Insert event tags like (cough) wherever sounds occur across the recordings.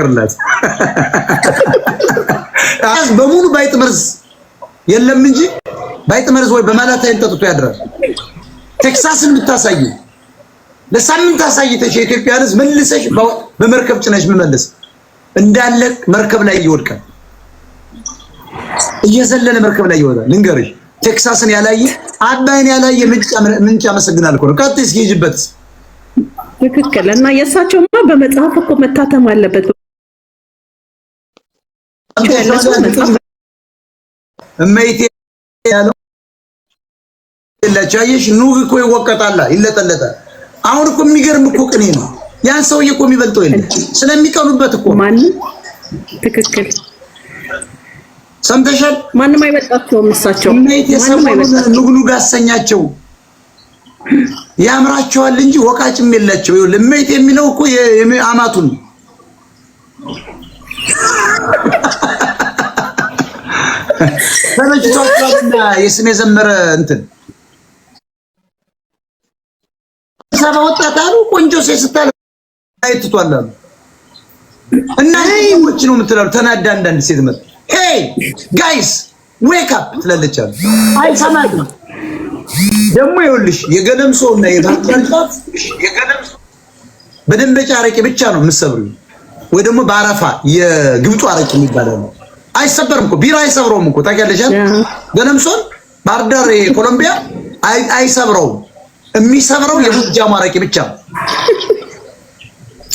ቅርለት በሙሉ ባይጥ መርዝ የለም እንጂ ባይጥ መርዝ ወይ በማላታ አይን ጠጥቶ ያድራል። ቴክሳስን ብታሳይ ለሳምንት አሳይተሽ የኢትዮጵያን ሕዝብ መልሰሽ በመርከብ ጭነሽ መመለስ እንዳለ መርከብ ላይ ይወድቃል። እየዘለለ መርከብ ላይ ይወጣል። ልንገርሽ ቴክሳስን ያላየ አባይን ያላየ ምንጭ ያመሰግናል እኮ ነው። እስኪ ትክክል እና የእሳቸውማ በመጽሐፍ እኮ መታተም አለበት። እመይቴ ያለው ለቻየሽ ኑግ እኮ ይወቀጣላ ይለጠለጣል። አሁን እኮ የሚገርም እኮ ቅኔ ነው። ያን ሰውዬ እኮ የሚበልጠው የለ ስለሚቀኑበት እኮ ማንም ትክክል ሰምተሻል። ማንም አይበልጣቸውም። እሳቸው እመይቴ ሰሞኑን ኑግኑግ አሰኛቸው ያምራቸዋል እንጂ ወቃጭም የላቸው። ይኸውልህ እመይቴ የሚለው እኮ የአማቱን ተመችቷቸዋልና የስም የዘመረ እንትን ሰባ ወጣት አሉ። ቆንጆ ሴት ስታል አይትቷል አሉ እና ነው የምትላሉ። ተናዳ አንዳንድ ሴት መጥ ሄይ ጋይስ ዌክ አፕ ትላለች አሉ። ደግሞ ይኸውልሽ፣ እና የባህር ጫፍ በደንበጫ አረቄ ብቻ ነው የምትሰብሪው ወይ ደግሞ በአረፋ የግብፁ አረቂ የሚባለው አይሰበርም እኮ ቢራ አይሰብረውም እኮ ታውቂያለሽ። ገነምሶን ባርደር ዳር ኮሎምቢያ አይሰብረውም። የሚሰብረው የጎጃሙ አረቂ ብቻ ነው።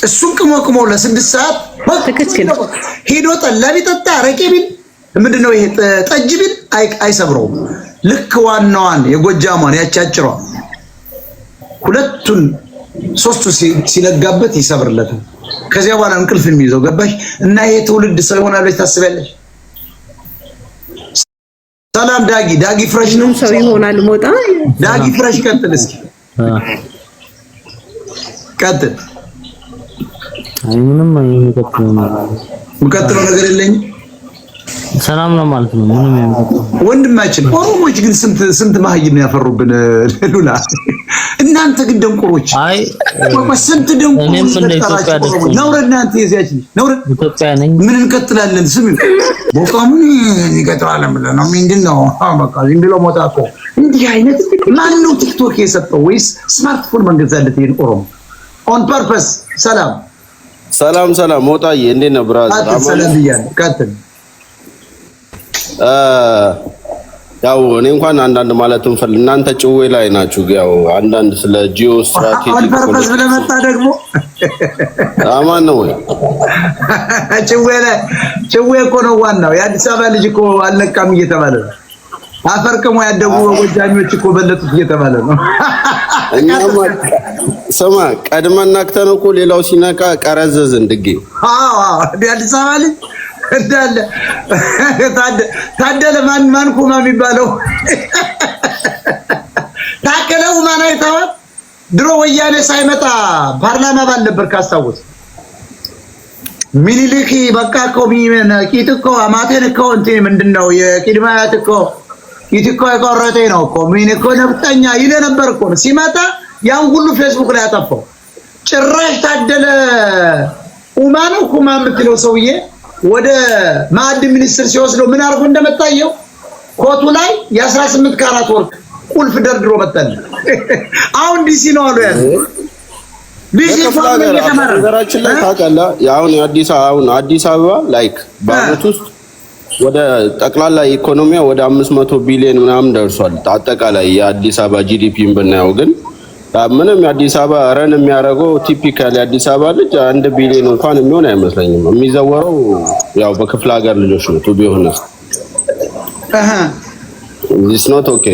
እሱን ቅሞ ቅሞ ለስድስት ሰዓት ሄዶ ጠላ ቢጠጣ አረቂ ቢል ምንድነው ይሄ ጠጅ ቢል አይሰብረውም። ልክ ዋናዋን የጎጃሟን ያቻጭሯ ሁለቱን ሶስቱ ሲለጋበት ይሰብርለታል። ከዚያ በኋላ እንቅልፍ የሚይዘው ገባሽ። እና ይሄ ትውልድ ሰው ይሆናል ብለሽ ታስቢያለሽ? ሰላም ዳጊ፣ ዳጊ ፍረሽ ነው ሰው ይሆናል። ሞጣ ዳጊ ፍረሽ፣ ቀጥል እስኪ ቀጥል። አይ ምንም አይሆንም። ቀጥል፣ የምቀጥለው ነገር የለኝም ሰላም ነው ማለት ነው። ምንም ወንድማችን፣ ኦሮሞች ግን ስንት ስንት ማህይም ነው ያፈሩብን። ሉላ እናንተ ግን ደንቆሮች፣ አይ ስንት ደንቆሮች ነውረ። እናንተ የዚያች ነውረ ኢትዮጵያ ነኝ። ምን እንቀጥላለን? ስም ቦካ ምን እንቀጥላለን ብለህ ነው ምንድን ነው? አዎ በቃ ዝም ብሎ ሞታ እኮ እንዲህ አይነት ማን ነው ቲክቶክ የሰጠው? ወይስ ስማርትፎን መንገዛለት? ይሄን ኦሮሞ ኦን ፐርፐስ። ሰላም ሰላም ሰላም፣ ሞጣዬ እንዴት ነው ብራዘር? ሰላም ብያለሁ። ቀጥል ያው እኔ እንኳን አንዳንድ ማለትም ፈል እናንተ ጭዌ ላይ ናችሁ። ያው አንዳንድ ስለ ጂኦ ስትራቴጂ ኮንፈረንስ ለመጣ ደግሞ አማን ነው ወይ ጭዌ ላይ ጭዌ እኮ ነው ዋናው። የአዲስ አበባ ልጅ እኮ አልነቃም እየተባለ ነው። አፈርቅሞ ያደጉ ጎጃኞች እኮ በለጡት እየተባለ ነው። እኛማ ስማ ቀድመን ነቅተን እኮ ሌላው ሲነቃ ቀረዘዝ ድጌ አዎ አዲስ አበባ ልጅ እንዳለ ታደለ ማን ማን ኩማ የሚባለው ታከለ ማን አይታወቅ ድሮ ወያኔ ሳይመጣ ፓርላማ ባልነበር ካስታወስ ሚኒሊክ በቃ እኮ ሚመን ቂጥ እኮ አማቴን እኮ እንትን ምንድን ነው የቅድመ አያት እኮ ቂጥ እኮ የቆረጠ ነው እኮ ሚን እኮ ነፍጠኛ ይለ ነበር እኮ ሲመጣ ያን ሁሉ ፌስቡክ ላይ አጠፋው። ጭራሽ ታደለ ኡማ ነው ኩማ የምትለው ሰውዬ ወደ ማዕድ ሚኒስትር ሲወስደው ምን አርጎ እንደመጣየው ኮቱ ላይ የአስራ ስምንት ካራት ወርቅ ቁልፍ ደርድሮ መጣል። (laughs) አሁን ዲሲ ነው አሉ ያለ ነገራችን ላይ ታውቃለህ። አሁን አዲስ አሁን አዲስ አበባ ላይክ በአመት ውስጥ ወደ ጠቅላላ ኢኮኖሚያ ወደ አምስት መቶ ቢሊዮን ምናምን ደርሷል። አጠቃላይ የአዲስ አበባ ጂዲፒን ብናየው ግን ምንም አዲስ አበባ ረን የሚያደርገው ቲፒካል የአዲስ አበባ ልጅ አንድ ቢሊዮን እንኳን የሚሆን አይመስለኝም። የሚዘወረው ያው በክፍለ ሀገር ልጆች ነው ቱ ኦኬ